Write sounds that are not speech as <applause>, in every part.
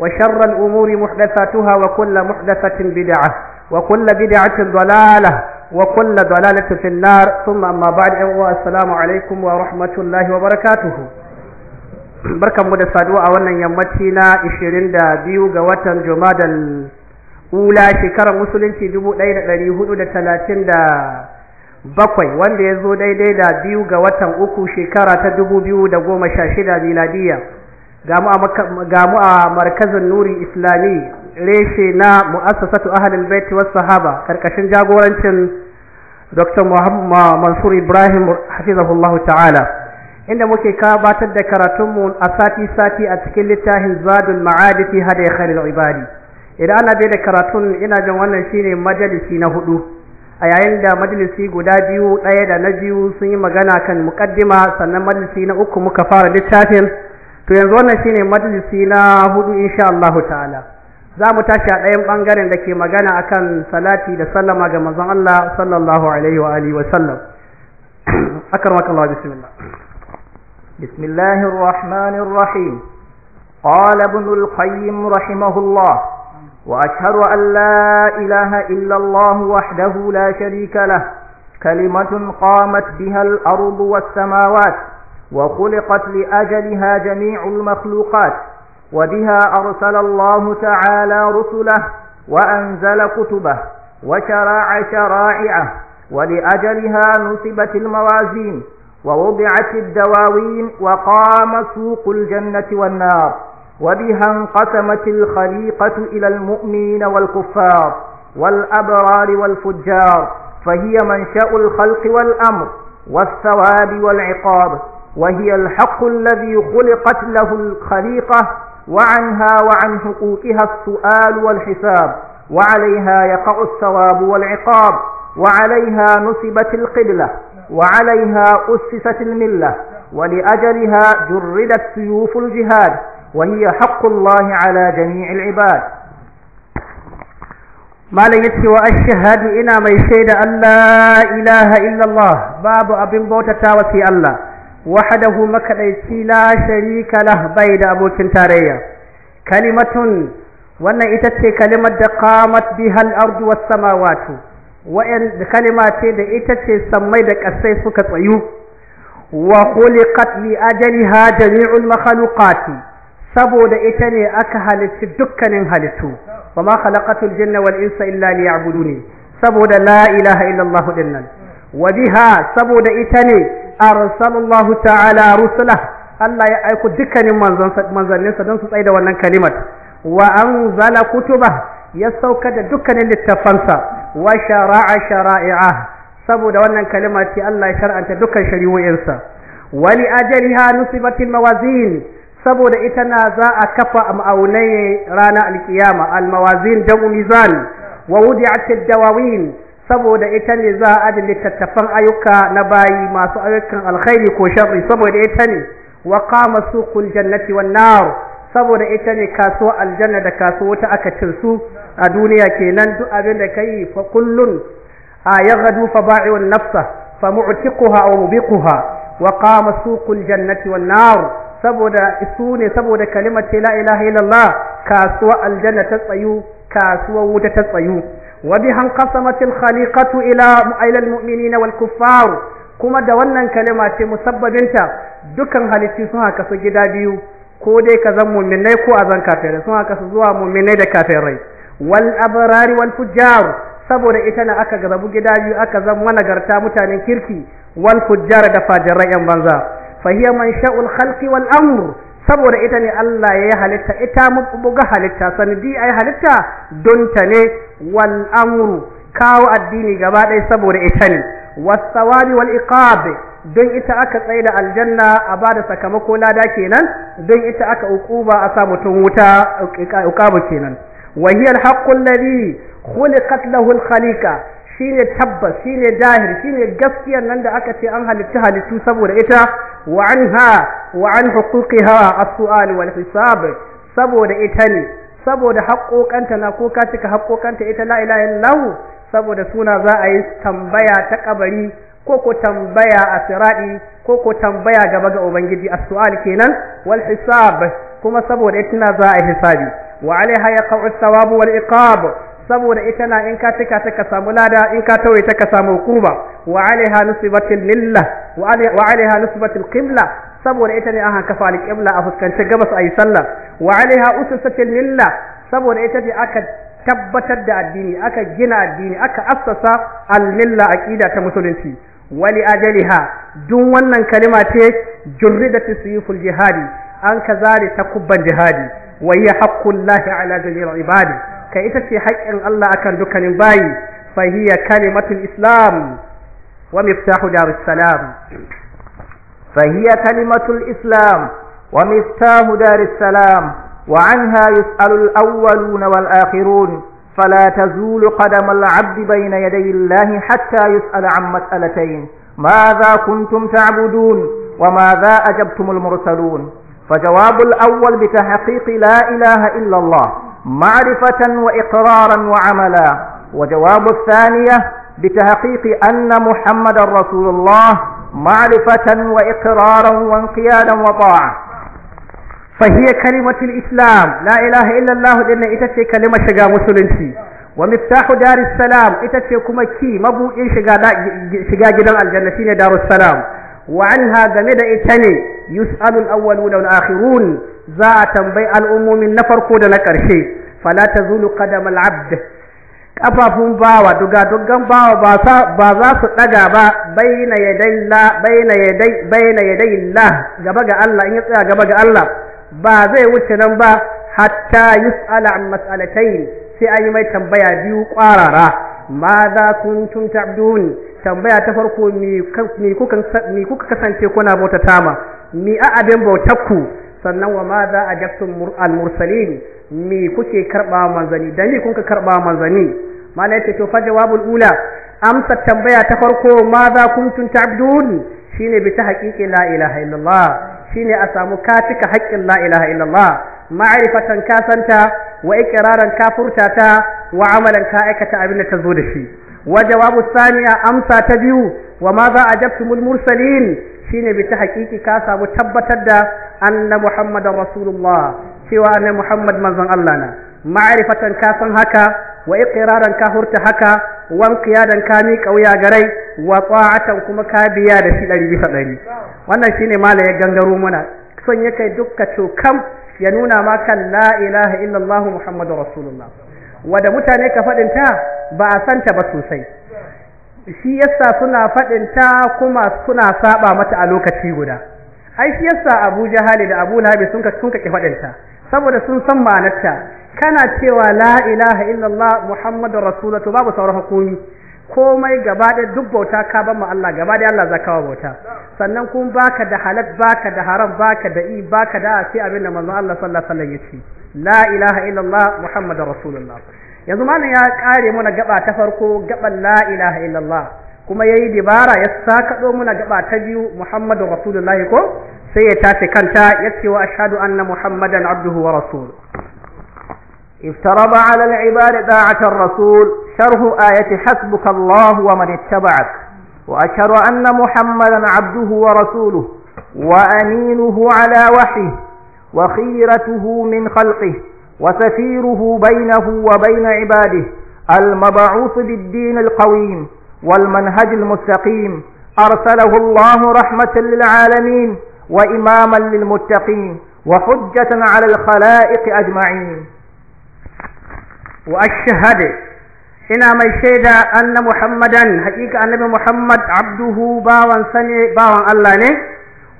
وشر الأمور محدثاتها وكل محدثة بدعة وكل بدعة ضلالة وكل ضلالة في النار ثم أما بعد السلام عليكم ورحمة الله وبركاته barkan mu da saduwa a wannan yammaci na 22 ga watan Jumadal Ula shekarar musulunci 1437 wanda ya zo daidai da biyu ga watan uku shekara ta goma sha 2016 miladiya gamu a markazin nuri islami reshe na mu'assasatu ahlul bait was sahaba karkashin jagorancin Dr. Muhammad Mansur Ibrahim hafizahullahu ta'ala inda muke gabatar da karatunmu a sati sati a cikin littafin Zadul Ma'ad fi hadi khairul ibadi idan ana bai da karatun ina jin wannan shine majalisi na hudu a yayin da majalisi guda biyu ɗaya da na biyu sun yi magana kan mukaddima sannan majalisi na uku muka fara littafin to yanzu wannan shine majalisi na hudu insha Allah ta'ala za mu tashi a ɗayan ɓangaren da ke magana akan salati da sallama ga manzon Allah sallallahu alaihi wa alihi wa sallam <clears throat> akarmak Allah bismillah بسم الله الرحمن الرحيم قال ابن القيم رحمه الله وأشهد أن لا إله إلا الله وحده لا شريك له كلمة قامت بها الأرض وخلقت لأجلها جميع المخلوقات وبها أرسل الله تعالى رسله وأنزل كتبه وشرع شرائعه ولأجلها نصبت الموازين ووضعت الدواوين وقام سوق الجنة والنار وبها انقسمت الخليقة إلى المؤمنين والكفار والأبرار والفجار فهي منشأ الخلق والأمر والثواب والعقاب وهي الحق الذي خلقت له الخليقة وعنها وعن حقوقها السؤال والحساب وعليها يقع الثواب والعقاب وعليها نسبت القبلة وعليها أسست الملة ولأجلها جردت سيوف الجهاد وهي حق الله على جميع العباد malam وأشهد إنا ما يشهد أن لا إله إلا الله باب أبن bautatawa وسي الله wahdahu makadaici la sharika lah bai da abokin tarayya kalimatun wannan ita ce kalimar da qamat biha al-ardu was samawati kalima ce da ita ce sammai da kasai suka tsayu wa khuliqat li ajaliha jami'ul makhluqati saboda ita ne aka halitta dukkanin halittu wa ma khalaqatul jinna wal insa illa liya'buduni saboda la ilaha illa Allah dinnan wa biha saboda ita ne arsalallahu ta'ala rusula Allah ya aiko dukkanin manzanninsa don su tsaye da wannan kalimat wa zala kutuba ya sauka da dukkanin littafansa wa shara'a shara'i'a saboda wannan kalima ce Allah ya shar'anta dukkan shari'o'insa wali ajaliha nusibatil mawazin saboda ita na za a kafa a ma'aunai ranar alkiyama almawazin da mizan wa wudi'atil dawawin saboda ita ne za a adin littattafan ayyuka na bayi masu ayyukan alkhairi ko sharri saboda ita ne wa qama suqul jannati wan nar saboda ita ne kasuwa aljanna da kasuwa wata aka cin su a duniya kenan duk abin da kai fa kullun a yaghdu fa ba'iu nafsa fa mu'tiquha aw mubiquha wa qama suqul jannati wan nar saboda su ne saboda kalimar la ilaha illallah kasuwa aljanna ta tsayu kasuwa wuta ta tsayu وبها انقسمت الخليقة إلى إلى المؤمنين والكفار كما دوانا كلمة مسببينتا دكان halittu sun haka su gida biyu ko dai ka zan mu'minai ko a zan kafirai sun haka su zuwa mu'minai da kafirai wal abrari wal fujjar saboda ita na aka gazabu gida biyu aka zan managarta mutanen kirki wal fujjar da fajirai yan banza fa sha'ul khalqi wal amr saboda ita ne Allah ya yi halitta ita buga halitta sanadi a yi halitta don ta ne wal kawo addini gaba ɗaya saboda ita ne wasawabi wal iqab don ita aka tsaye da aljanna a ba da sakamako lada kenan don ita aka ƙuba a sa mutum wuta uqabu kenan wa haƙƙun al haqqu khuliqat lahu al khaliqa Sine tabbas shine dahir shine gaskiyar nan da aka ce an halitta halittu saboda ita wa anha wa an huquqiha as-su'al wal hisab saboda ita ne saboda haƙoƙanta na ko ka cika haƙoƙanta ita la ilaha illahu saboda suna za a yi tambaya ta kabari ko ko tambaya a ko ko tambaya gaba ga ubangiji a sual kenan wal hisab kuma saboda ita na za a yi hisabi wa alaiha yaqa'u as-sawabu wal iqab saboda ita na in ka cika ta ka samu lada in ka tauye ta ka samu hukuma wa alaiha nusibatil lillah wa alaiha nusibatil qibla saboda ita ne aka kafa alqibla a fuskanci gabas ayi sallah wa alaiha usisatil lillah saboda ita ce aka tabbatar da addini aka gina addini aka assasa al-milla aqida ta musulunci wali ajaliha duk wannan kalima ce jurridat suyuful jihadi an kazari takubban jihadi wa hiya haqqul lahi ala jami'il ibadi kai ita ce haƙƙin Allah akan dukkanin bayi fa hiya kalimatul islam wa miftahu darus salam fa hiya kalimatul islam wa miftahu darus salam wa anha وعنها يسأل wal akhirun فلا تزول قدم العبد بين يدي الله حتى يسأل عن مسألتين ماذا كنتم تعبدون وماذا أجبتم المرسلون فجواب الأول بتحقيق لا إله إلا الله معرفة وإقرارا وعملا وجواب الثانية بتحقيق أن محمد رسول الله معرفة وإقرارا وانقيادا وطاعة فهي كلمة الإسلام لا إله إلا الله لأن إتتي كلمة شقا مسلمتي ومفتاح دار السلام إتتي كما كي مبو إن شقا جدا الجنة دار السلام وعنها جمد إتني يسأل الأولون والآخرون za a tambayi al'ummomin na farko da na ƙarshe fala ta zulu qadamal abd ƙafafun bawa duga dugan bawa ba za su ɗaga ba baina yaday la baina la gaba ga Allah in ya tsaya gaba ga Allah ba zai wuce nan ba hatta tsala a matsalatai sai an yi mai tambaya biyu ƙwarara ma za kuntum ta'budun tambaya ta farko mi kuka kasance kuna bauta tama mi a abin bautakku sannan wa madha ajabtum al mursalin me kuke karba manzani dan me kuka karba manzani mala ta to fa jawabul ula amsa tambaya ta farko madha kuntum ta'budun shine bi ta haqiqi la ilaha illallah shine a samu ka cika haƙƙin la ilaha illallah ma'rifatan ka santa wa iqraran ka furtata wa amalan ka aikata abin da ta zo da shi wa jawabu thaniya amsa ta biyu wa a jabtu mursalin shine bi ta hakiki ka samu tabbatar da anna muhammadan rasulullah cewa anna muhammad manzon Allah na ma'rifatan ka san haka wa iqraran ka hurta haka wa qiyadan ka mi kauya garai wa ta'atan kuma ka biya da shi ɗari bisa ɗari wannan shine mala ya gangaro muna son ya kai dukka cokam ya nuna ma kan la ilaha illallah muhammadur rasulullah wada mutane ka faɗin ta ba a santa ba sosai shi yasa suna faɗin ta kuma suna saba mata a lokaci guda ai shi yasa Abu Jahali da Abu Lahab sun ka sun ka faɗin ta saboda sun san ta kana cewa la ilaha illallah Muhammadur Rasulullah to babu sauran hukumi komai gaba da duk bauta ka ban ma Allah gaba da Allah zaka bauta sannan kun baka da halal baka da haram baka da i baka da sai abinda da Allah sallallahu alaihi wasallam yace la ilaha illallah Muhammadur Rasulullah yanzu malam ya kare muna gaba ta farko gaban la ilaha illallah kuma yayi dibara ya sakado muna gaba ta biyu muhammadu rasulullahi ko sai ya tace kanta yace wa ashhadu anna muhammadan abduhu wa rasuluhu افترض على العباد طاعة الرسول شرح آية حسبك الله ومن اتبعك وأشهد أن محمدا عبده ورسوله وأمينه على وحيه وخيرته من خلقه وسفيره بينه وبين عباده المبعوث بالدين القويم والمنهج المستقيم أرسله الله رحمة للعالمين وإماما للمتقين وحجة على الخلائق أجمعين وأشهد إن من شهد أن محمدا حقيقة أن محمد عبده باوان sane باوان الله ne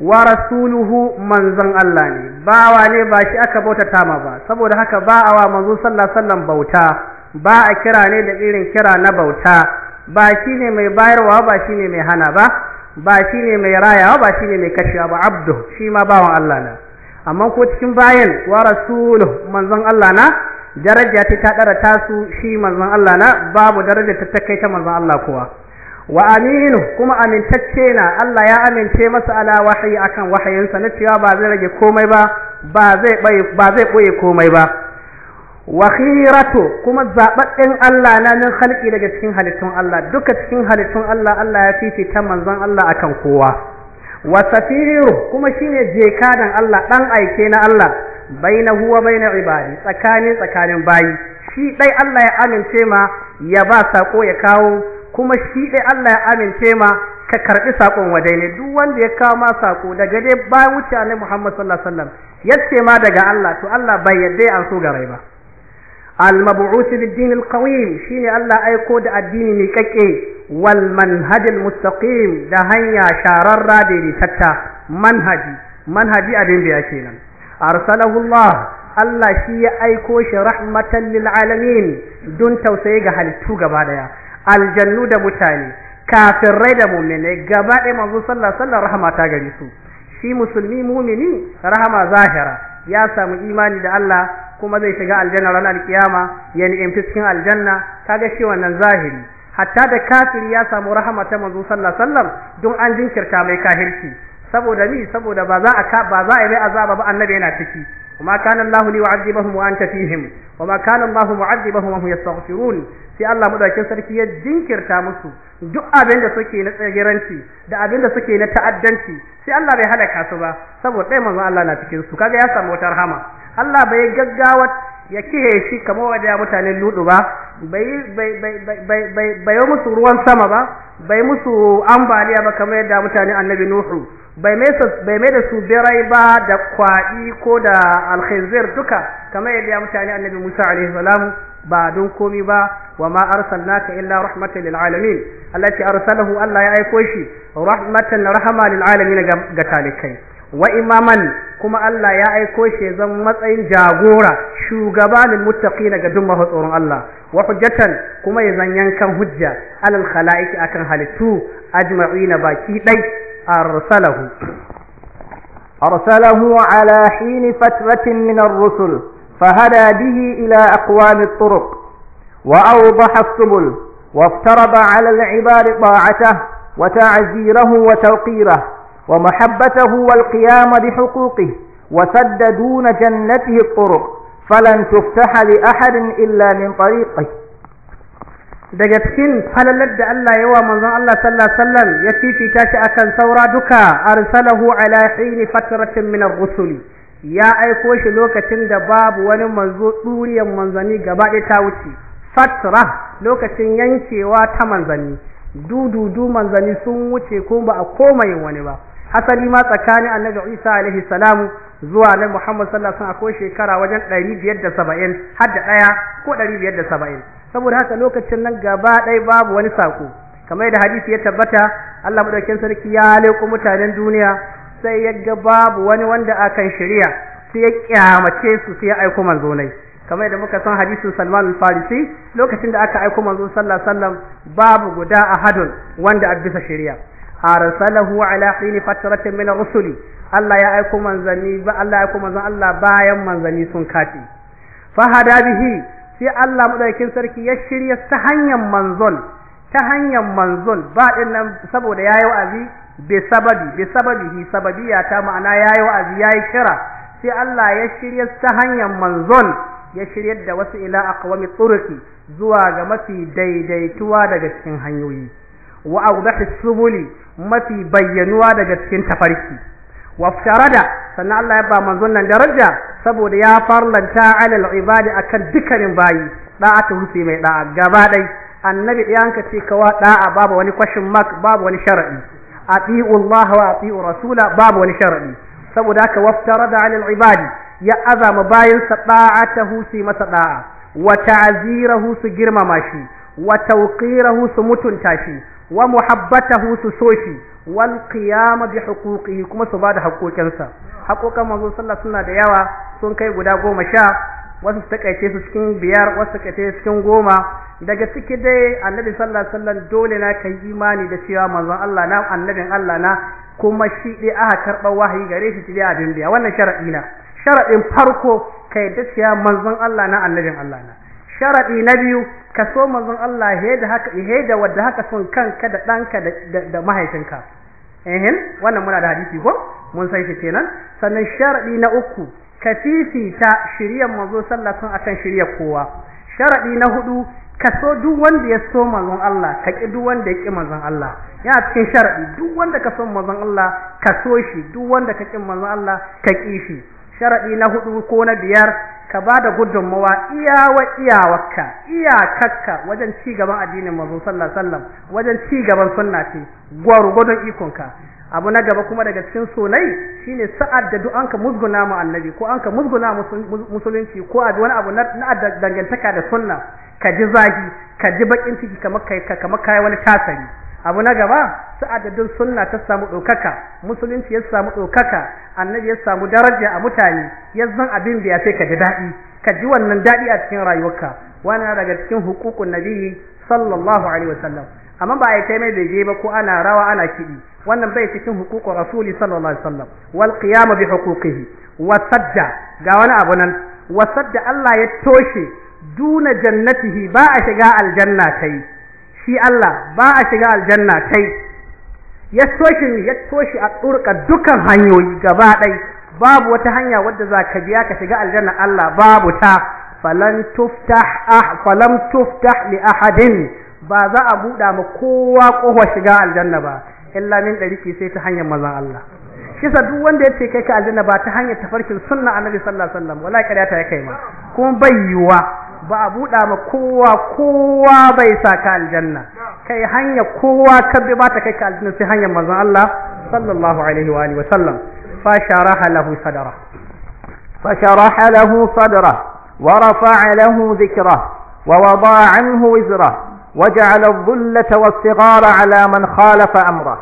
wa rasuluhu manzon Allah ne bawa ne ba shi aka bautata ma ba saboda haka ba a wa manzo sallallahu alaihi bauta ba a kira ne da irin kira na bauta ba shi ne mai bayarwa ba shi ne mai hana ba ba shi ne mai rayawa ba shi ne mai kashewa ba abdu shi ma bawan Allah na amma ko cikin bayan wa rasuluhu manzon Allah na daraja ta ta dara tasu shi manzon Allah na babu daraja ta ta kai ta manzon Allah kuwa wa aminu kuma amintacce na Allah ya amince masa ala wahayi akan wahayinsa na cewa ba zai rage komai ba ba zai ba zai boye komai ba wa khiratu kuma zababben Allah na nan halki daga cikin halittun Allah duka cikin halittun Allah Allah ya ta manzon Allah akan kowa wa safiru kuma shine jekadan Allah dan aike na Allah bainahu wa baina ibadi tsakanin tsakanin bayi shi dai Allah ya amince ma ya ba sako ya kawo kuma shi dai Allah ya amince ma ka karɓi sakon waje ne duk wanda ya kawo ma sako daga dai ba wuce Annabi Muhammad sallallahu alaihi wasallam yace ma daga Allah to Allah bai yadda an so garai ba al-mab'uth bid-din al-qawim shine Allah aiko da addini ne kake wal manhaj al-mustaqim da hanya shararra da tatta manhaji manhaji abin da yake nan arsalahu Allah Allah shi ya aiko shi rahmatan lil alamin don tausayi ga halittu gaba daya aljannu da mutane kafin rai da mu'minai gaba ɗaya manzo sallah alaihi rahama ta gari su shi musulmi mu'mini rahama zahira ya samu imani da Allah kuma zai shiga aljanna ranar alkiyama ya ni'imci cikin aljanna kaga shi wannan zahiri hatta da kafiri ya samu rahama ta manzo sallah don an jinkirta mai kahirci saboda ni saboda ba za a ba za a yi mai azaba ba annabi yana ciki وما كان الله ليعذبهم وانت فيهم وما كان الله معذبهم وهم يستغفرون sai Allah madaukakin sarki ya jinkirta musu duk abin da suke na tsagiranci da abin da suke na ta'addanci sai Allah bai halaka su ba saboda dai manzon Allah na cikin su kaga ya samu wata rahama Allah bai gaggawa ya kihe shi kamar wajen mutanen ludu ba bai bai musu ruwan sama ba bai musu ambaliya ba kamar yadda mutanen annabi Nuhu bai mai da su birai ba da kwaɗi ko da alkhinzir duka kamar yadda ya mutane annabi Musa alaihi salamu ba don komi ba wa ma arsalnaka illa rahmatan lil alamin Allah arsalahu Allah ya aiko shi rahmatan rahama lil alamin ga talikai wa imaman kuma Allah ya aiko shi zan matsayin jagora shugaba lil muttaqina ga duk masu tsoron Allah wa hujjatan kuma ya zan yankan hujja alal khalaiqi akan halittu ajma'ina baki dai أرسله أرسله على حين فترة من الرسل فهدى به إلى أقوام الطرق وأوضح السبل وافترض على العباد طاعته وتعزيره وتوقيره ومحبته والقيام بحقوقه وسد دون جنته الطرق فلن تفتح لأحد إلا من طريقه daga cikin falalar da Allah yawa manzon Allah sallallahu alaihi wasallam ya fifita shi akan saura duka arsalahu ala hini fatratin min ar-rusuli ya aiko shi lokacin da babu wani manzo duriyar manzani gaba ɗaya ta wuce fatra lokacin yankewa ta manzani dududu manzani sun wuce ko ba a komai wani ba asali ma tsakanin annabi Isa alaihi salamu zuwa na Muhammad sallallahu alaihi wasallam akwai shekara wajen 570 har da daya ko ɗari biyar da saba'in saboda haka lokacin nan gaba ɗaya babu wani saƙo kamar yadda hadisi ya tabbata Allah madaukakin sarki ya leku mutanen duniya sai ya ga babu wani wanda akan shirya sai ya kyamace su sai ya aiko manzo ne kamar yadda muka san hadisin Salman al-Farisi lokacin da aka aiko manzo sallallahu alaihi babu guda a ahadun wanda a bisa shirya. arsalahu ala hin fatratin min ar-rusul Allah ya aiko manzanni ba Allah ya aiko manzon Allah bayan manzanni sun kafi fahada bihi sai Allah madaukakin sarki ya shirya ta hanyar manzon ta hanyar manzon ba din nan saboda yayi wa'azi bi sababi bi hi, sababiyya ta ma'ana yayi wa'azi yayi kira sai Allah ya shirya ta hanyar manzon ya shirya da wasu ila aqwami turqi zuwa ga mafi daidaituwa daga cikin hanyoyi wa awdahi subuli mafi bayyanuwa daga cikin tafarki waftarada sannan Allah ya ba manzon nan daraja saboda ya farlanta alal ibadi akan dukkanin bayi da'atu husi mai da'a gaba dai annabi ɗayanka ce kawa da'a babu wani question mark babu wani shar'i atiu Allah wa atiu rasula babu wani shar'i saboda haka waftarada alal ibadi ya azama bayin sa ta husi masa da'a wa ta'zirahu su girmama shi wa tawqirahu su mutunta shi wa muhabbatahu su so shi wal qiyama bi huquqihi kuma su bada haƙoƙinsa haƙoƙan manzo sallah suna da yawa sun kai guda goma sha wasu su takaice su cikin biyar wasu takaice su cikin goma daga ciki dai annabi sallallahu alaihi wasallam dole na kai imani da cewa manzon Allah na annabin Allah na kuma shi dai aka karɓar wahayi gare shi cikin a wannan sharadi na sharadin farko kai da cewa manzon Allah na annabin Allah na Sharaɗi na biyu ka so manzon Allah heda haka wanda haka son kanka da ɗanka da mahaifinka ehin wannan muna da hadisi ko mun san shi kenan sannan sharaɗi na uku ka fifita shiriyar manzo sun akan shiryar kowa Sharaɗi na hudu ka so duk wanda ya so manzon Allah ka ki duk wanda ya ki manzon Allah ya cikin sharadi duk wanda ka so manzon Allah ka so shi duk wanda ka ki manzon Allah ka ki shi sharadi na hudu ko na biyar ka ba da gudunmawa iyawa iyawarka iyakakka wajen ci gaban addinin manzo sallallahu wajen ci gaban sunna ce gwargwadon ikonka abu na gaba kuma daga cikin sunai shine sa'ad da duk ka musguna mu annabi ko anka musguna musulunci ko a wani abu na dangantaka da sunna ka ji zagi ka ji bakin ciki kamar kai kamar wani tasari abu na gaba su adadin sunna ta samu ɗaukaka musulunci ya samu ɗaukaka annabi ya samu daraja a mutane ya zan abin da ya sai ka ji daɗi ka ji wannan daɗi a cikin rayuwarka wani daga cikin hukukun nabi sallallahu alaihi wasallam amma ba a kai mai da ba ko ana rawa ana kiɗi wannan bai cikin hukukun rasuli sallallahu alaihi wasallam wal qiyama bi huquqihi wa sadda ga wani abu nan wa sadda Allah ya toshe duna jannatihi ba a shiga aljanna kai shi Allah ba a shiga aljanna kai ya toshi ya toshi a turka dukan hanyoyi gaba ɗai babu wata hanya wadda za ka biya ka shiga aljanna Allah babu ta falan tuftah ah falam tuftah li ahadin ba za a buɗa ma kowa kowa shiga aljanna ba illa min ke sai ta hanyar manzon Allah kisa duk wanda ya ce kai ka aljanna ba ta hanyar tafarkin sunna annabi sallallahu alaihi wasallam wallahi kada ta kai ma kuma bai yiwa ba a buɗa ma kowa kowa bai saka aljanna kai hanya kowa ka bi ba ta kai ka aljanna sai hanyar manzon Allah sallallahu alaihi wa alihi wa sallam fa sharaha lahu sadra fa sharaha lahu sadra wa rafa'a lahu dhikra wa wada'a anhu wizra wa ja'ala adh-dhullata was-sighara وجعل الظلة والصغار على من خالف أمره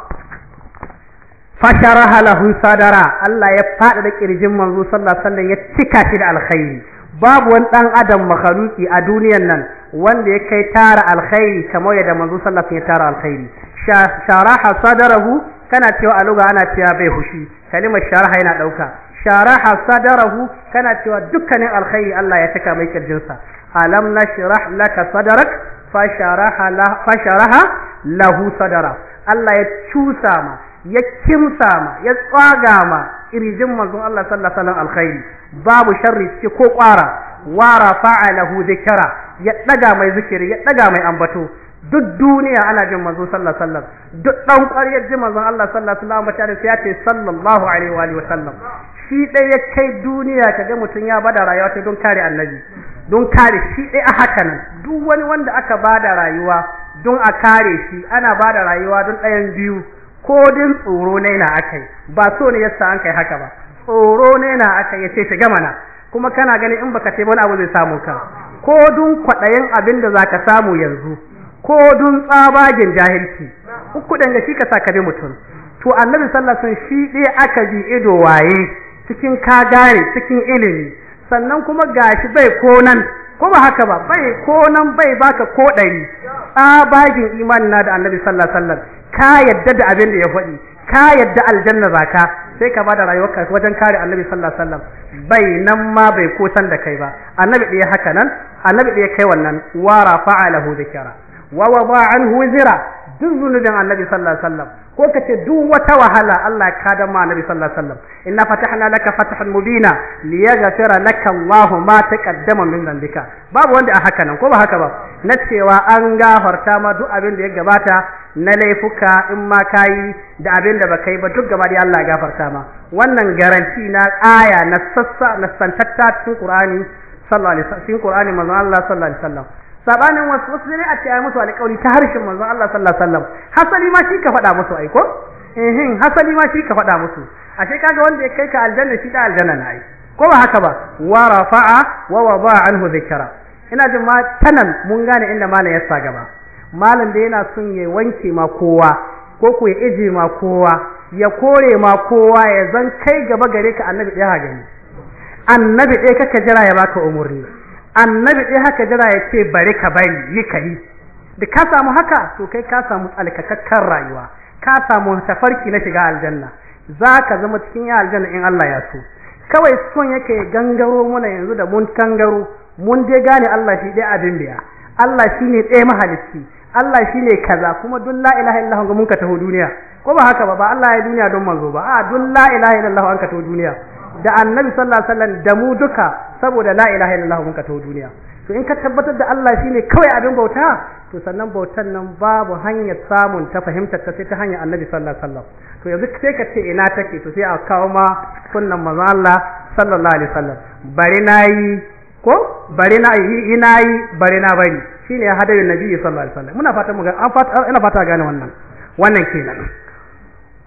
فشرها له صدرا الله يفعل لك إرجم منذ صلى الله عليه وسلم يتكاشد da alkhairi babu wani ɗan adam makhaluki a duniyan nan wanda ya kai tara alkhairi kamar yadda manzo sallallahu ya tara alkhairi sharaha sadarahu kana cewa a lugha ana cewa bai hushi kalimar sharaha yana dauka sharaha sadarahu kana cewa dukkanin alkhairi Allah ya saka mai kirjinsa alam nashrah laka sadarak fa sharaha lahu sadara Allah ya cusa ma ya kimsa ma ya tsaga ma kirjin manzon Allah sallallahu alaihi alkhairi babu sharri ciki ko kwara wa rafa'alahu dhikra ya daga mai zikiri ya daga mai ambato duk duniya ana jin manzon sallallahu alaihi duk dan kwariyar jin manzon Allah sallallahu alaihi wasallam sai ya ce sallallahu alaihi wa alihi wasallam shi dai ya kai duniya kaga mutun ya bada rayuwa ta don kare annabi don kare shi dai a haka nan duk wani wanda aka bada rayuwa don a kare shi ana bada rayuwa don ɗayan biyu ko tsoro ne na yi ba so ne yasa an kai haka ba tsoro ne na ce yace shiga mana kuma kana gani in baka taimaka wani abu zai samu ka ko kwadayin abin da za ka samu yanzu ko dun tsabagen jahilci uku ga shi ka saka bi mutum to annabi sallallahu alaihi shi dai aka bi ido waye cikin ka gane cikin ilimi sannan kuma gashi bai konan ko ba haka ba bai konan bai baka ko ɗari tsabagin imanin na da annabi sallallahu alaihi ka yadda da abin da ya faɗi ka yadda aljanna zaka sai ka bada rayuwarka wajen kare annabi sallallahu alaihi wasallam bai nan ma bai kusan da kai ba annabi ɗaya haka nan annabi ɗaya kai wannan wa rafa'alahu dhikra wa wada anhu zira duk zunubin annabi sallallahu alaihi wasallam ko ce duk wata wahala Allah ka da ma annabi sallallahu alaihi wasallam inna fatahna laka fathan mubina liyaghfira laka Allahu ma taqaddama min dhanbika babu wanda a haka nan ko ba haka ba na cewa an gafarta ma duk abin da ya gabata na laifuka in ma kayi da abin da baka yi ba duk gaba da Allah gafarta ma wannan garanti na aya na sassa na santatta cikin Qur'ani sallallahu alaihi wasallam cikin Qur'ani manzon Allah sallallahu alaihi wasallam sabanin wasu wasu ne a ce ai musu alƙawari ta harshen manzon Allah sallallahu alaihi wasallam hasali ma shi ka faɗa musu ai ko eh hasali ma shi ka faɗa musu ashe kaga wanda ya kai ka aljanna shi da aljanna na ko ba haka ba wa rafa'a wa wada anhu dhikra ina jin ma tanan mun gane inda malam ya sa gaba malam da yana son ya wanke ma kowa ko ku ya ije ma kowa ya kore ma kowa ya zan kai gaba gare ka annabi ɗaya gani annabi ɗaya kaka jira ya baka umurni annabi ɗaya haka jira ya ce bari ka bari yi ka yi da ka samu haka to kai ka samu tsalkakakkar rayuwa ka samu tafarki na shiga aljanna za ka zama cikin yi aljanna in Allah ya so kawai son yake gangaro muna yanzu da mun kangaro mun dai gane Allah shi dai abin biya Allah shi ne ɗaya mahalicci Allah shi ne kaza kuma duk la ilaha mun ka taho duniya ko ba haka ba ba Allah ya duniya don manzo ba a duk la ilaha illallah ka taho duniya da annabi sallallahu alaihi wasallam da mu duka saboda la ilaha illallah mun ka to duniya to in ka tabbatar da Allah shine kawai abin bauta to sannan bautan nan babu hanyar samun ta fahimtar ta sai ta hanyar annabi sallallahu alaihi wasallam to yanzu sai ka ce ina take to sai a kawo ma sunnan manzo Allah sallallahu alaihi wasallam bari nayi ko bari nayi ina yi bari na bari shine hadarin nabi sallallahu alaihi wasallam muna fata mu ga an fata ina fata gane wannan wannan kenan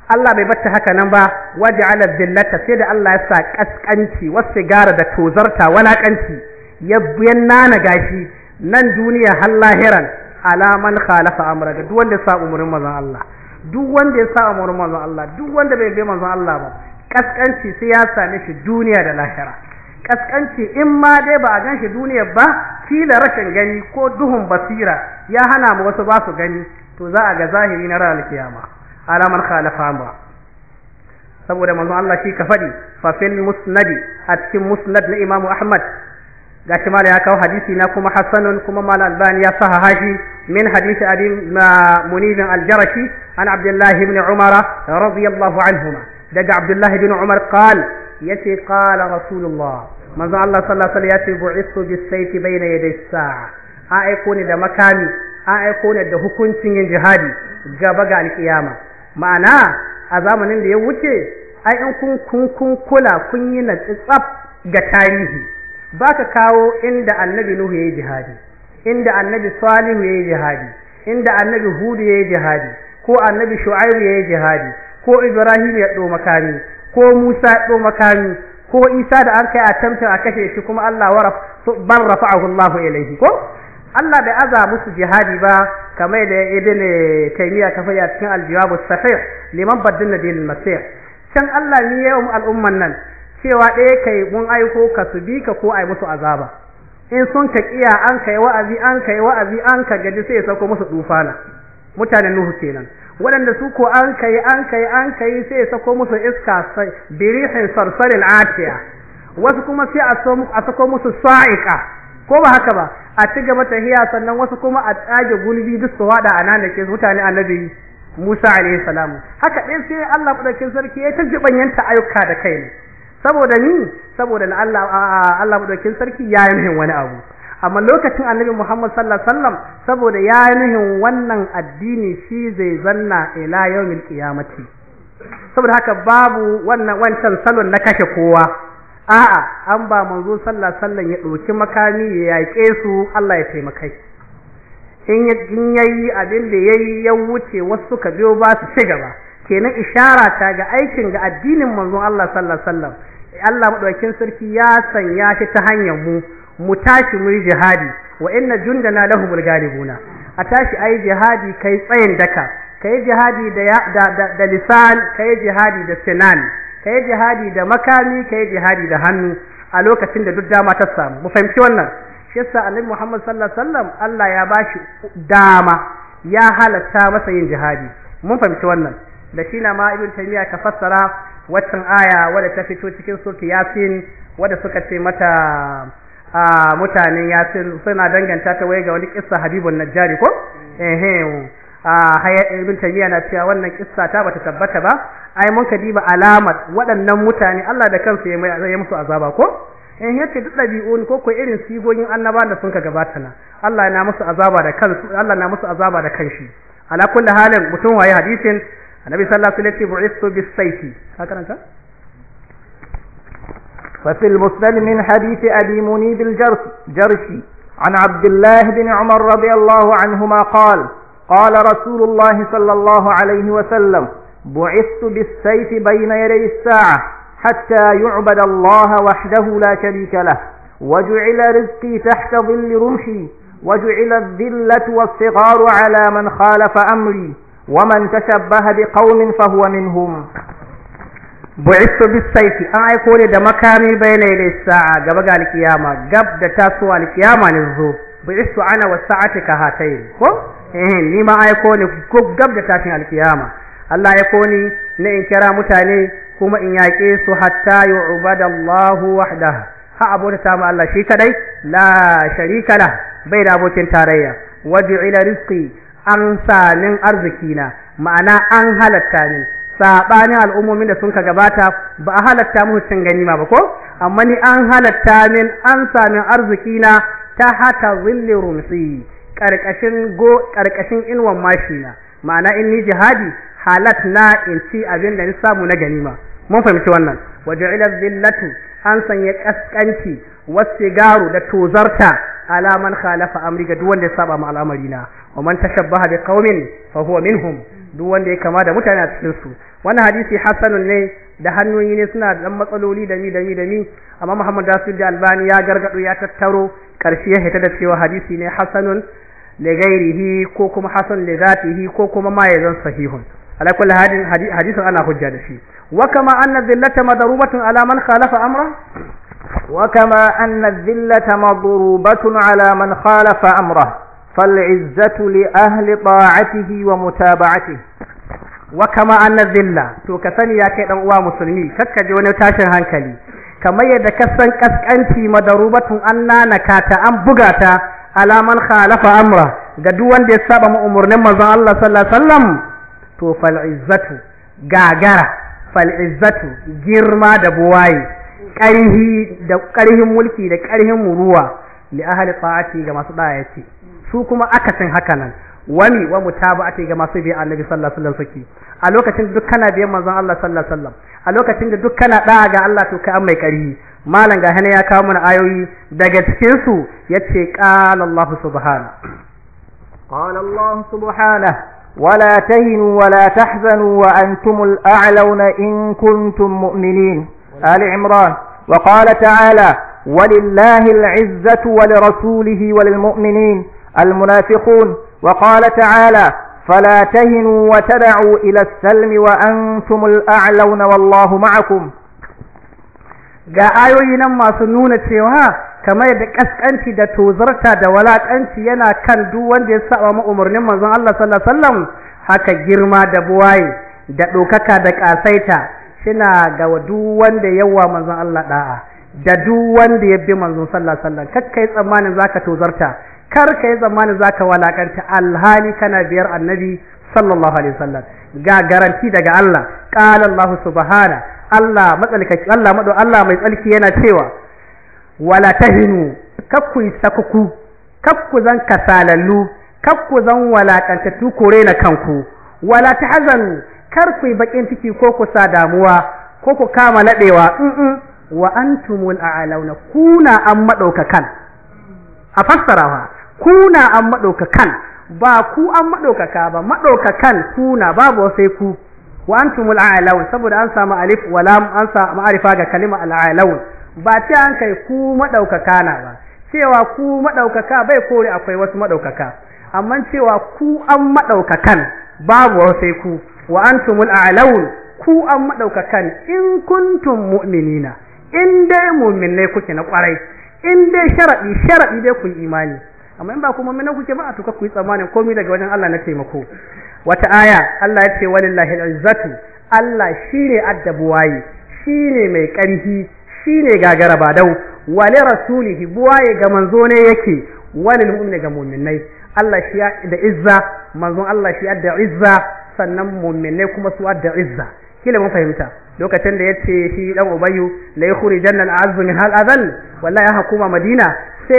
Allah bai batta haka nan ba waje ala dillata sai da Allah ya sa kaskanci wasu gara da tozarta walakanci ya biyan nana gashi nan duniya har lahiran alaman khalafa amra ga duk wanda ya sa umurin manzon Allah duk wanda ya sa umurin manzon Allah duk wanda bai bi manzon Allah ba kaskanci sai ya same shi duniya da lahira kaskanci in ma dai ba a gan shi duniyar ba kila rashin gani ko duhun basira ya hana mu wasu ba su gani to za a ga zahiri na ranar kiyama ala man khalafa amra saboda manzon Allah shi ka fadi fa fil musnad a cikin musnad na Imam Ahmad gashi mala ya kawo hadisi na kuma hasanun kuma mala albani ya saha hashi min hadisi abi munizin aljarashi an abdullahi ibn umara radiyallahu anhuma daga abdullahi ibn umar qal yace qala rasulullah manzo Allah sallallahu alaihi wasallam yace bu'istu bis bayna yaday saa a aiko ni da makami a aiko ni da hukuncin yin jihadi gaba ga alkiyama ma'ana a zamanin da ya wuce ai in kun kun kun kula kun yi na tsaf ga tarihi baka kawo inda annabi nuhu yayi jihadi inda annabi salihu yayi jihadi inda annabi hudu yayi jihadi ko annabi shu'aibu yayi jihadi ko ibrahim ya ɗo makami ko musa ya ɗo makami ko isa da an kai a tamtar a kashe shi kuma Allah wa bar rafa'ahu Allahu ilaihi ko Allah bai aza musu jihadi ba kama da ibn taymiya ta faɗa cikin al-jawab as-sahih liman baddalna na al-masih can Allah ni yawan al'umman nan cewa ɗaya kai mun aiko ka su bi ka ko ai musu azaba in sun ka kiya an kai wa'azi an kai wa'azi an ka gaji sai ya sauko musu dufana mutanen nuhu kenan waɗanda su ko an kai an kai an kai sai ya sako musu iska birihin sarsarin atiya wasu kuma sai a sako musu sa'iqa ko ba haka ba a ci gaba tahiya sannan wasu kuma a tsage gulbi duk su wada a nan da ke mutane annabi Musa alaihi salamu haka ɗin sai Allah madaukin sarki ya ta jibanyanta ayyuka da kai ne saboda ni saboda Allah Allah madaukin sarki ya yi min wani abu amma lokacin annabi Muhammad sallallahu alaihi wasallam saboda ya yi min wannan addini shi zai zanna ila yawmil qiyamati saboda haka babu wannan wancan salon na kashe kowa a'a an ba manzo sallah sallan ya ɗauki makami ya yake su Allah ya taimakai in ya yayi abin da ya ya wuce wasu ka biyo ba su ci gaba kenan ishara ta ga aikin ga addinin manzo Allah sallah Allah maɗaukin sarki ya sanya shi ta hanyar mu mu tashi mu jihadi wa inna jundana lahumul galibuna a tashi ai jihadi kai tsayin daka kai jihadi da da da, lisan kai jihadi da sinan kai jihadi da makami kai jihadi da hannu a lokacin da duk dama ta samu mu fahimci wannan shi yasa annabi Muhammad sallallahu alaihi wasallam Allah ya bashi dama ya halatta masa yin jihadi mun fahimci wannan da shi na ma ibn taymiya ka fassara wannan aya wadda ta fito cikin surti yasin wadda suka ce mata a mutanen yasin suna danganta ta waye ga wani kissa habibun najjari ko ehe ibn taymiya na cewa wannan kissa ta bata tabbata ba ai mun ka diba alamat waɗannan mutane Allah da kansa ya mai ya musu azaba ko in yace duk dabi'un ko ko irin sigogin annabawan da sun ka gabata na Allah na musu azaba da kansu Allah na musu azaba da kanshi ala kulli halin mutum waye hadisin annabi sallallahu alaihi wasallam bu'istu bis-sayfi ka karanta ففي المسند من حديث أبي منيب الجرشي عن عبد الله بن عمر رضي الله عنهما قال قال رسول الله صلى الله عليه وسلم بعثت بالسيف بين يدي الساعة حتى يعبد الله وحده لا شريك له وجعل رزقي تحت ظل رمحي وجعل الذلة والصغار على من خالف أمري ومن تشبه بقوم فهو منهم بعثت بالسيف أنا أقول إذا ما كان بين يدي الساعة sa'a gaba ga alkiyama gab da tasowa alkiyama ne zo eh ni ma aiko ne ko gab da tashin alkiyama Allah ya koni na in kira mutane kuma in yaƙe su hatta yu'badallahu wahdahu ha abota ta ma Allah shi kadai la sharika la bai da abokin tarayya ila rizqi an arziki arzikina ma'ana an halatta ni sabanin al'ummomin da sun ka gabata ba a halatta mu cin ma ba ko amma ni an halatta min an samin arzikina ta hata zilli rumsi karkashin go ƙarƙashin inwan mashina ma'ana in ni jihadi halat na in ci abin da ni samu na ganima mun fahimci wannan waja'ila zillatu an sanya wasu wasigaru da tozarta alaman khalafa amri ga duk wanda ya saba ma al'amari na wa man tashabbaha bi qaumin fa huwa minhum duk wanda ya kama da mutane a cikin su wannan hadisi hasanun ne da hanyoyi ne suna da matsaloli da mi da da amma Muhammad Rasul da Albani ya gargado ya tattaro karshe ya hita da cewa hadisi ne hasanun li ghairihi ko kuma hasan li ko kuma ma yazan ala kulli hadin hadithun ana hujja da shi wa kama anna dhillata madrubatun ala man khalafa amra wa kama anna dhillata madrubatun ala man khalafa amra فالعزة لأهل طاعته ومتابعته وكما أن الذلة تو يا كي دان مسلمي كك جي وني تاشن كما يدا كسان كسكانتي مدروبة أنانا كاتا أن بغاتا alaman khalafa amra ga duk wanda ya saba mu umurnin manzon Allah sallallahu alaihi wasallam to fal izzatu gagara fal izzatu girma da buwaye karhi da karhin mulki da karhin ruwa li ahli ta'ati ga masu da ce su kuma san haka nan wani wa mutaba'ati ga masu bi annabi sallallahu alaihi wasallam suke a lokacin duk kana biyan manzon Allah sallallahu alaihi wasallam a lokacin da duk kana da'a ga Allah to kai an mai karhi malam ga hana ya kawo mana ayoyi daga cikin su yace qala Allah subhanahu qala Allah ولا تهنوا ولا تحزنوا وأنتم الأعلون إن كنتم مؤمنين آل عمران وقال تعالى ولله العزة ولرسوله وللمؤمنين المنافقون وقال تعالى فلا تهنوا وتدعوا إلى السلم وأنتم الأعلون والله معكم ga ayoyi nan masu nuna cewa kamar yadda kaskanci da tozarta da walakanci yana kan duk wanda ya saba ma umarnin manzon Allah sallallahu alaihi wasallam haka girma da buwaye da dokaka da kasaita shina ga duk wanda yawa manzon Allah da'a da duk wanda ya bi manzon sallallahu alaihi wasallam kai tsammanin zaka tozarta kar kai tsammanin zaka walakanta alhali kana biyar annabi sallallahu alaihi wasallam ga garanti daga Allah qala Allah subhanahu Allah matsalkaci Allah Maɗo Allah mai tsalki yana cewa wala tahinu kakku sakuku kakku zan kasalallu kakku zan walakantattu kore na kanku wala ta hazan kar ku baƙin ciki ko ku sa damuwa ko ku kama nadewa in -mm. wa antumul a'launa kuna an kan, a fassarawa kuna an kan, ba ku an madaukaka ba kan kuna babu sai ku wa antumul a'laun saboda an samu alif wa lam an samu ma'arifa ga kalima al'alaun ba ce an kai ku madaukaka na ba cewa ku madaukaka bai kore akwai wasu madaukaka amma cewa ku an madaukakan babu sai ku wa antumul a'laun ku an madaukakan in kuntum mu'minina in dai mu'minai kuke na kwarai in dai sharadi sharadi dai kun imani amma in ba kuma mina kuke ba a tuka ku yi tsammanin komai daga wajen Allah na taimako wata aya Allah ya ce walillahi al Allah shine addabuwayi shine mai karfi shine gagara ba dau wali rasulihi buwaye ga manzo ne yake wani mu'mini ga mu'minai Allah shi da izza manzon Allah shi da izza sannan mu'minai kuma su da izza kila mun fahimta lokacin da yace shi dan ubayyu la yukhrijanna al-azzu min hal adhal wallahi hukuma madina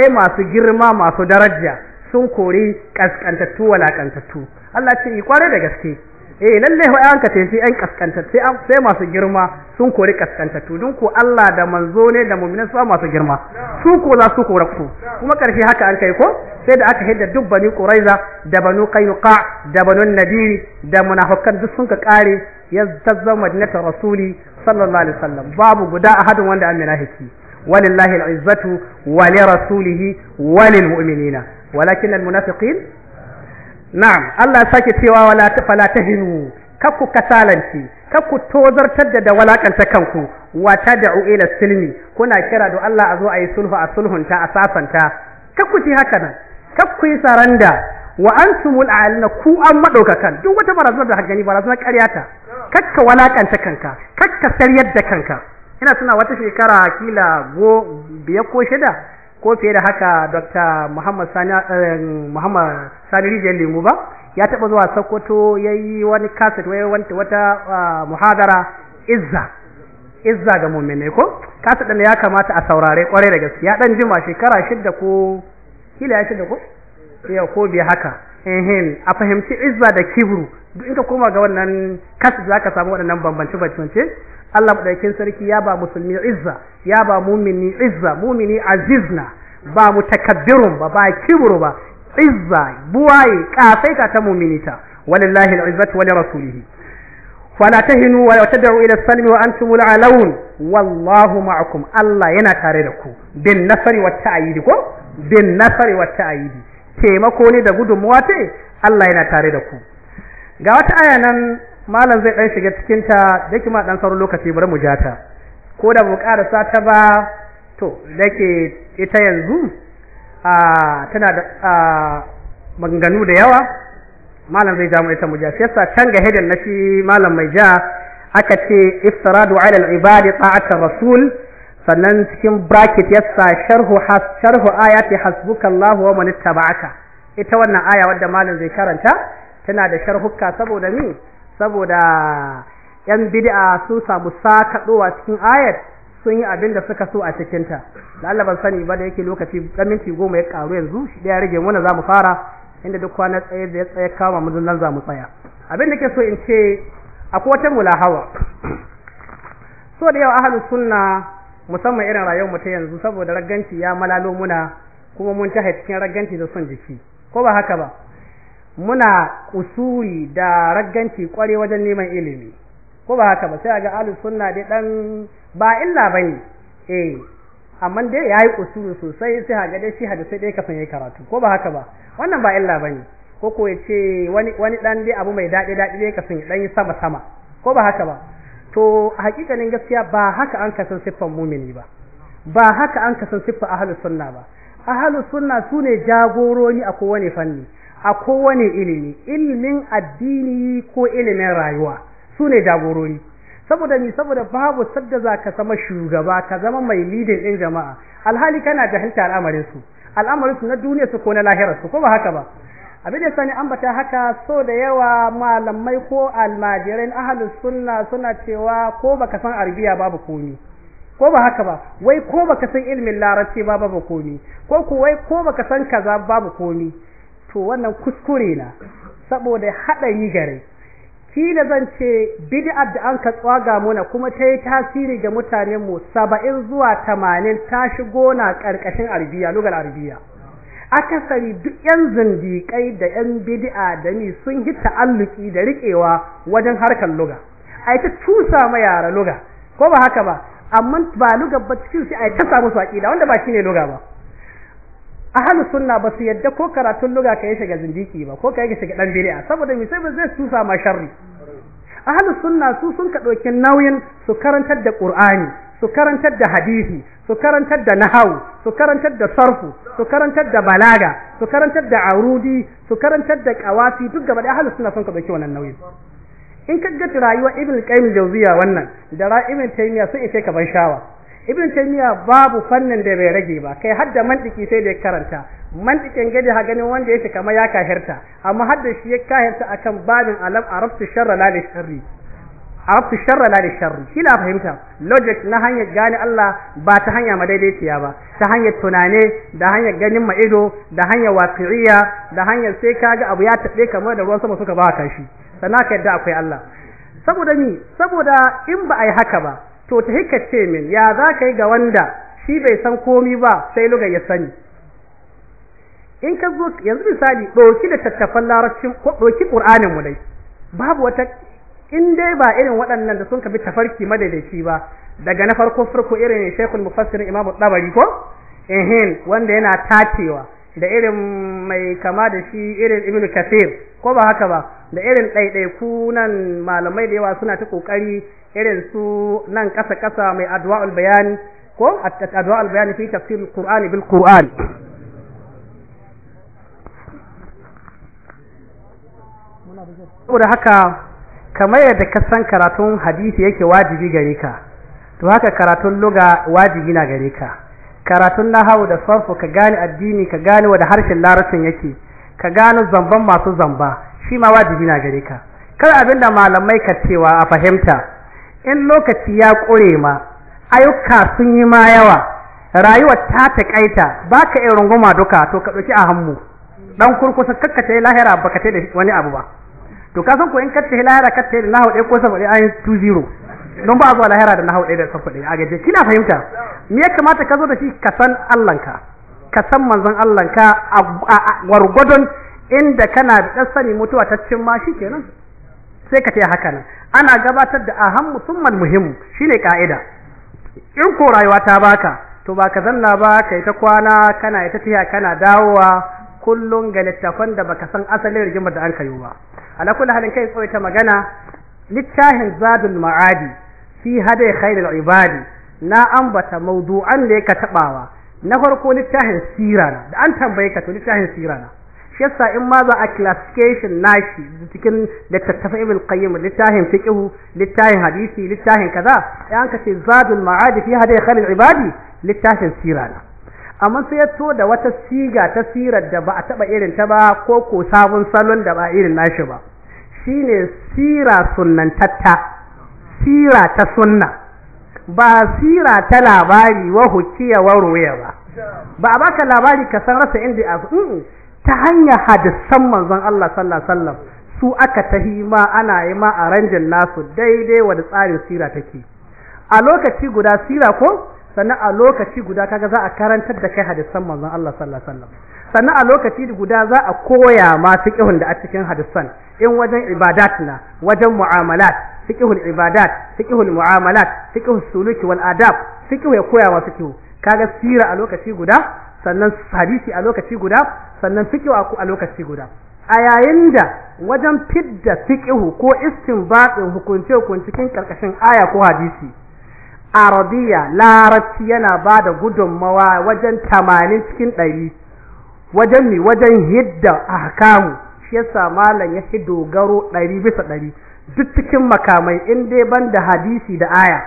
sai masu girma masu daraja sun kori kaskantattu walakantattu Allah ce yi kware da gaske eh lalle ho an kace sai an sai masu girma sun kori kaskantattu dun ko Allah da manzo ne da mu'minin su masu girma su ko za su kore ku kuma karshe haka an kai ko sai da aka hidda duk bani quraiza da banu qainuqa da banu Nabiri da munafikan duk sun ka kare ya madinatu rasuli sallallahu alaihi wasallam babu guda ahadin wanda amina hiki walillahi al'izzatu wa li rasulihi wa lil mu'minina walakin al munafiqin na'am Allah sake cewa wala fala tahinu kakku kasalanci kakku tozartar da walakanta kanku wa tad'u ila silmi kuna kira da Allah a zo a yi sulhu a sulhunta a sasanta kakku ci haka nan kakku yi saranda wa antumul a'lina ku an madaukakan duk wata barazanar da hagani barazanar ƙarya ta kakka walakanta kanka kakka saryar da kanka ina suna wata shekara kila go biyar ko shida ko fiye da haka Dr. Muhammad Sani eh, Muhammad Sani Rijiyar Lemu ba ya taba zuwa Sokoto ya yi wani kasit wai wata ah, muhadara Izza Izza ga mu'minai ko kasit ɗin ya kamata a saurare kwarai da gaske ya dan jima shekara shida ko kila ya shida ko ya ko biya haka ehin a fahimci izza da kibru duk in koma ga wannan kasit za ka samu waɗannan bambance bambance Allah madaukakin sarki ya ba musulmi izza ya ba mumini izza mumini azizna ba mutakabbirun ba ba kibru ba izza buwaye kasaita ta muminita walillahi al'izzatu wa lirasulihi فلا تهنوا ولا تدعوا إلى السلم وأنتم العلون Wallahu معكم Allah yana tare da ku bin nasari wa ta'yidi ko bin nasari wa ta'yidi taimako ne da gudunmuwa te Allah yana tare da ku ga wata aya nan malam zai ɗan shiga cikin ta dake ma dan sauran lokaci bari mu jata ko da mu sa ta ba to dake ita yanzu a tana da a maganganu da yawa malam zai jamu ita mu ja sai sa can ga na shi malam mai ja aka ce istiradu ala al-ibadi ta'atar rasul sannan cikin bracket yasa sharhu has sharhu ayati hasbukallahu wa man ittaba'aka ita wannan aya wadda malam zai karanta tana da sharhuka saboda ni saboda yan bid'a sun samu sakaɗowa cikin ayat sun yi abin da suka so a cikinta ta da Allah ban sani ba da yake lokaci ɗan minti goma ya karu yanzu shi ɗaya ya rage za mu fara inda duk kwana tsaye da ya tsaye kama mu nan za mu tsaya abin da ke so in ce akwai wata mulahawa so da yau ahlus sunna musamman irin rayuwar mu ta yanzu saboda ragganci ya malalo muna kuma mun ta cikin raganci da son jiki ko ba haka ba muna kusuri da ragganci kware wajen neman ilimi ko ba haka ba sai ga ahlus sunna dai dan ba illa bane eh amma dai yayi kusuri sosai sai ga dai shi sai dai kafin yayi karatu ko ba haka ba wannan ba illa bane ko ko yace wani wani dan dai abu mai dadi dadi dai kafin dan yi sama sama ko ba haka ba to hakikanin gaskiya ba haka an kasan siffar mumini ba ba haka an kasan siffar ahlus sunna ba ahlus sunna sune jagorori a kowane fanni a kowane ilimi ilimin addini ko ilimin rayuwa su ne jagorori saboda ni saboda babu sadda za ka zama shugaba ka zama mai lidin ɗin jama'a alhali kana jahilta al'amarin al'amarinsu al'amarin na duniya su ko na lahirar su ko ba haka ba abin da sani ambata haka so da yawa malamai ko almajirin ahlus sunna suna cewa ko baka san arbiya babu komi ko ba haka ba wai ko baka san ilimin larabci ba babu komi ko ku wai ko baka san kaza babu komi to wannan kuskure na saboda yi gare kila zan ce bid'ar da an ka tsaga muna kuma ta yi tasiri ga mutanen mu saba'in zuwa tamanin ta shigo na karkashin arabiya lugar arabiya akasari duk yan zindiƙai da yan bid'a da ni sun yi ta'alluki da riƙewa wajen harkar luga ai ta tusa ma yara luga ko ba haka ba amma ba lugar ba cikin sai ai ta samu saki da wanda ba shine luga ba ahlus sunna ba su yadda ko karatun luga ka shiga zindiki ba ko ka shiga dan bid'a saboda me sai ba zai susa ma sharri ahlus sunna su sun ka dauki nauyin su karantar da qur'ani su karantar da hadisi su karantar da nahawu su karantar da sarfu su karantar da balaga su karantar da aurudi su karantar da qawafi duk gaba da ahlus sunna sun ka dauki wannan nauyin in ka ga rayuwar ibn qayyim jawziya wannan da ra'imin ibn taymiya sun ishe ka ban shawa ibn taymiya babu fannin da bai rage ba kai hadda mantiki sai da karanta mantikin gaji ha ganin wanda yake kamar ya kahirta amma hadda shi ya kahirta akan babin alam arabtu sharra la sharri arabtu sharra la sharri shi la fahimta logic na hanyar gane Allah ba ta hanya madaidaiciya ba ta hanyar tunane da hanyar ganin ma ido da hanyar waqi'iyya da hanyar sai kaga abu ya tabe kamar da ruwan sama suka ba kashi shi sanaka yadda akwai Allah saboda ni saboda in ba ai haka ba to ta hika min ya za ka yi ga wanda shi bai san komi ba sai lugar ya sani in ka zo yanzu misali ɗauki da tattafan larabcin ɗauki ƙur'anin mu dai babu wata in dai ba irin waɗannan da sun ka bi tafarki madaidaici ba daga na farko farko irin shekul mufassirin imamu ɗabari ko ehin wanda yana tacewa da irin mai kama da shi irin ibnu kathir ko ba haka ba da irin ɗaiɗaiku nan malamai da yawa suna ta ƙoƙari irin su nan kasa kasa mai adwa'ul bayani ko adwa'ul bayani fi tafsir al-qur'ani bil qur'an saboda haka kamar yadda ka san karatun hadisi yake wajibi gare ka to haka karatun luga wajibi na gare ka karatun nahawu da sarfu ka gane addini ka gane wa harshen larabcin yake ka gane zamban masu zamba shi ma wajibi na gare ka kar abinda malamai ka cewa a fahimta in lokaci ya ƙure ma ayyuka sun yi ma yawa rayuwa ta taƙaita ba ka yi runguma duka to ka ɗauki a hannu ɗan kurkusa kakkace lahira ba ka da wani abu ba to ka san ko in kacce lahira kacce da nahu ɗaya ko saboda an tu zero don ba a zuwa lahira da nahu ɗaya da saboda a gaje kina fahimta me ya kamata ka zo da shi ka san Allahnka ka san manzon Allahnka a gwargwadon inda kana da sani mutuwa ta cin ma kenan sai ka ce haka nan ana gabatar da aham musumman muhimu shine ka'ida in ko rayuwa ta baka to baka zanna ba kai ta kwana kana ita tiya kana dawowa kullun ga littafan da baka san asalin rigimar da an kayo ba ala kullu halin kai ta magana littahin zadul ma'adi fi hada khairul ibadi na ambata mawdu'an da yake tabawa na farko littafin sirana da an tambaye ka to littafin sirana shi yasa in ma za a classification nashi cikin littattafan ibn qayyim littafin fiqh littafin hadisi littafin kaza an ka ce zadul ma'ad fi khalil ibadi littafin sira na amma sai ya to da wata siga ta sirar da ba a taba irin ta ba ko ko sabon salon da ba irin nashi ba shine sira sunnantatta sira ta sunna ba sira ta labari wa hukiya wa ruwaya ba ba a baka labari ka san rasa inda a ta hanyar hadisan manzon Allah sallallahu su aka ma ana yi ma a ranjin nasu daidai wa tsarin sira take a lokaci guda sira ko sannan a lokaci guda kaga za a karantar da kai hadisan manzon Allah sallallahu sannan a lokaci guda za a koya ma fiqhun da a cikin hadisan in wajen ibadat na wajen mu'amalat fiqhul ibadat fiqhul mu'amalat fiqhul suluki wal adab fiqhu ya koya ma fiqhu kaga sira a lokaci guda sannan hadisi a lokaci guda sannan fiqh a lokaci guda a yayin da wajen fidda fiqh ko istinbatin hukunce cikin karkashin aya ko hadisi arabiya larabci yana bada gudunmawa wajen 80 cikin 100 wajen ni wajen hidda ahkamu shi yasa malam ya fi dogaro 100 bisa 100 duk cikin makamai in dai banda hadisi da aya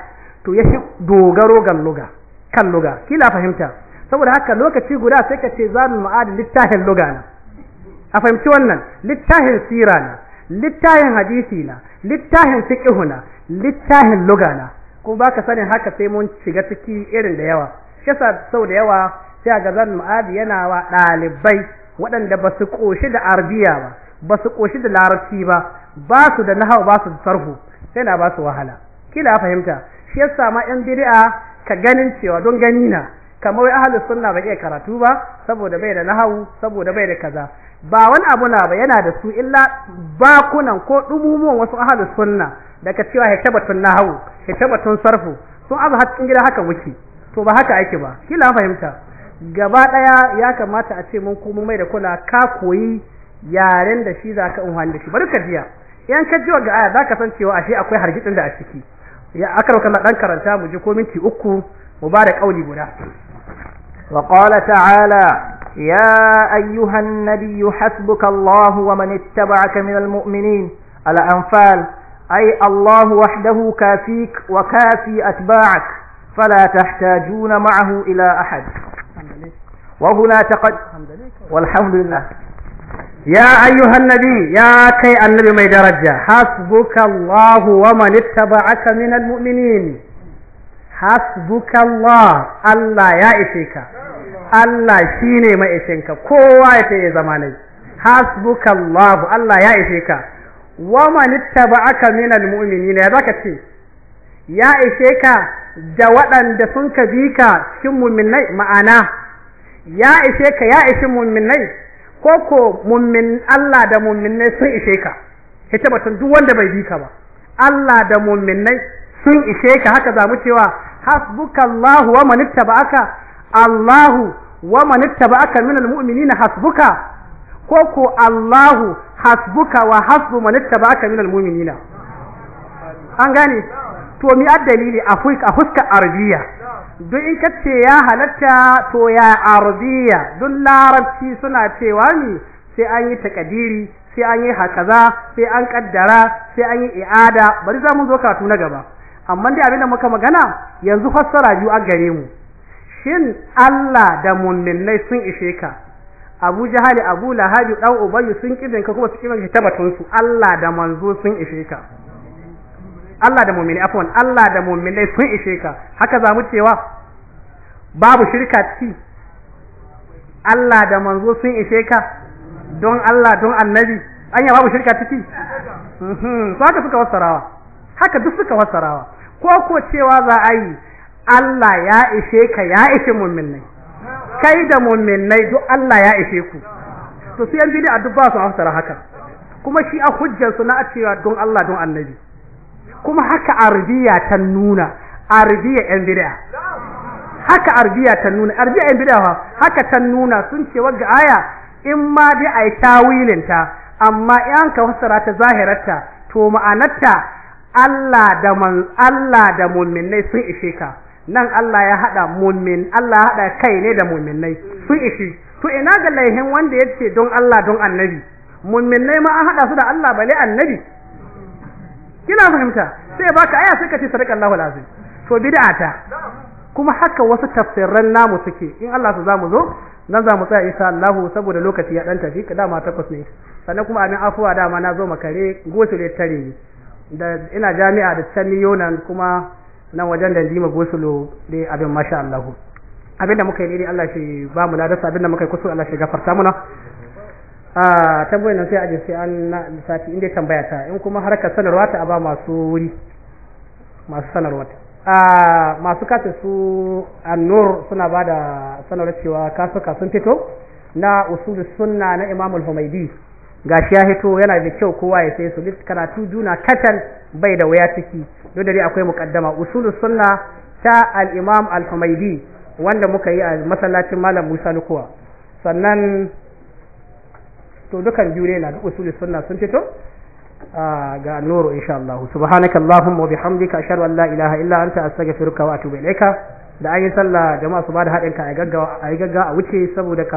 to ya fi dogaro ga luga kan luga kila fahimta saboda haka lokaci guda sai ka ce mu ma'adi littafin lugana a fahimci wannan littafin sira na littafin hadisi na littafin fiqh na littafin lugana ko baka sanin haka sai mun shiga ciki irin da yawa kisa sau da yawa sai ga zan ma'adi yana wa dalibai waɗanda ba su koshi da arabiya ba ba su koshi da larabci ba ba su da nahawu ba su da sarhu sai na ba su wahala kila fahimta shi yasa ma yan bid'a ka ganin cewa don gani na kamar wai ahlus sunna bai iya karatu ba saboda bai da nahawu saboda bai da kaza ba wani abu na ba yana da su illa bakunan ko dumumuwan wasu ahlus sunna daga cewa hitabatun ya tabbatun sarfu sun azu har gida haka wuce to ba haka ake ba kila fahimta gaba daya ya kamata a ce mun kuma mai da kula ka koyi yaren da shi zaka unhan da shi bari ka jiya yan ka jiwa ga aya zaka san cewa ashe akwai hargitsin da a ciki ya akarwa kana dan karanta mu ji ko minti uku mu ba da guda وقال تعالى يا أيها النبي حسبك الله ومن اتبعك من المؤمنين الأنفال أي الله وحده كافيك وكافي أتباعك فلا تحتاجون معه إلى أحد وهنا تقد والحمد لله يا أيها النبي يا كي النبي ما درجة حسبك الله ومن اتبعك من المؤمنين hasbuka Allah ya ishe ka Allah shine ma'ishinka kowa ya ya zama ne hasbuka Allah ya ishe ka wa man ittaba'aka minal mu'minina ya zaka ce ya ishe ka da waɗanda sun ka bi ka cikin mu'minai ma'ana ya ishe ka ya ishe mu'minai ko ko mu'min Allah da mu'minai sun ishe ka hita batun duk wanda bai bi ka ba Allah da mu'minai sun ishe ka haka za mu cewa hasbukallahu wa man ittaba'aka Allahu wa man ittaba'aka min almu'minina hasbuka ko ko Allahu hasbuka wa hasbu man ittaba'aka min almu'minina an gane to mi addalili a fuska a fuska arabiya duk in kace ya halatta to ya arabiya duk larabci suna cewa ni sai an yi takadiri sai an yi hakaza sai an kaddara sai an yi i'ada bari za mu zo katu na gaba amma dai abinda muka magana yanzu fassara biyu a gare mu shin Allah da mu'minai sun ishe ka Abu Jahali Abu Lahabi dan Ubayy sun kibin ka kuma su kibin ka tabbatun su Allah da manzo sun ishe ka Allah da mu'mini afwan Allah da mu'minai sun ishe ka haka za mu cewa babu shirka ci Allah da manzo sun ishe ka don Allah don annabi anya babu shirka ci mhm saka suka wasarawa haka duk suka wasarawa ko ko cewa za a yi Allah ya ishe ka ya ishe mu'minai kai da mu'minai duk Allah ya ishe ku to sai yanzu bi da addu'a su fassara haka kuma shi a hujjar su na cewa don Allah don annabi kuma haka arbiya ta nuna arabiya yan bid'a haka arabiya ta nuna arabiya yan bid'a haka ta nuna sun ce wagga aya in ma dai ai tawilinta amma in ka fassara ta zahirarta to ma'anarta Allah da man Allah da mu'minai sun ishe ka nan Allah ya hada mu'min Allah ya hada kai ne da mu'minai sun ishe to ina ga laihin wanda yace don Allah don annabi mu'minai ma an hada su da Allah bale annabi kina fahimta sai baka aya sai ka ce Allahu alazim to bid'a ta kuma haka wasu tafsiran namu suke in Allah su zamu zo nan zamu tsaya insha Allah saboda lokaci ya dan tafi dama takwas ne sannan kuma amin afuwa dama na zo makare gosu da tare ne. da ina jami'a da can yonan kuma nan wajen da jima gosulo dai abin masha Allah abinda muka yi ne Allah shi ba mu ladarsa abinda muka yi kusur Allah shi gafarta muna a tambayoyin nan sai a je sai an na lissafi inda tambaya ta in kuma harkar sanarwa ta a ba masu wuri masu sanarwa ta a masu kasa su annur suna ba da sanarwa cewa kasuka sun fito na usul sunna na imamul humaidi gashi ya hito yana da kyau kowa ya sai su list karatu juna katan bai da waya ciki duk da dai akwai muqaddama usulu sunna ta al-imam al-humaydi wanda muka yi a masallacin malam Musa Lukuwa sannan to dukan biyu ne na duk usulu sunna sun fito ga nuru insha Allah subhanaka allahumma wa bihamdika ashhadu an la ilaha illa anta astaghfiruka wa atubu ilaika da an yi sallah jama'a su da haɗin ka a gaggawa a wuce saboda